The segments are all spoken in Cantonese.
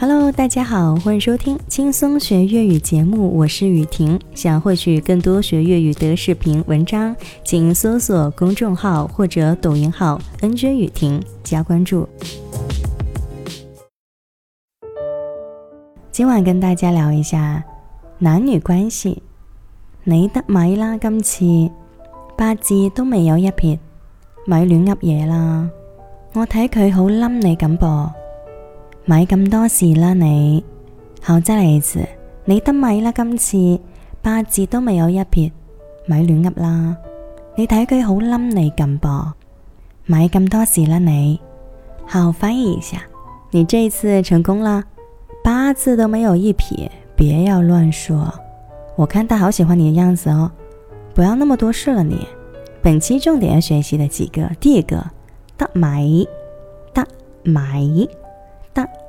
Hello，大家好，歡迎收聽輕鬆學粵語節目，我是宇婷。想獲取更多學粵語的視頻文章，請搜索公眾號或者抖音號 “NJ 宇婷”加關注。今晚跟大家聊一下男女關係。你得米啦，今次八字都未有一撇，咪亂噏嘢啦！我睇佢好冧你咁噃。.買咁多事啦你，好，再嚟一次。你得米啦今次，八字都未有一撇，咪亂噏啦。你睇佢好冧你咁噃，買咁多事啦你。好，翻譯一下，你這一次成功啦，八字都沒有一撇，別要亂說。我看他好喜歡你的樣子哦，不要那麼多事了你。本期重點要學習的幾個，第一個得米得米。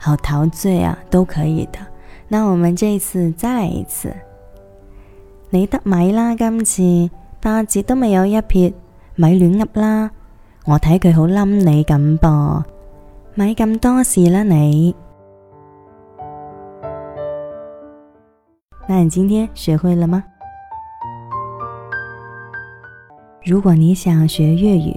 好陶醉啊，都可以的。那我們這次再來一次。你得米啦今次。八字都未有一撇，咪亂噏啦！我睇佢好冧你咁噃，咪咁多事啦你。那你今天學會了嗎？如果你想學粵語。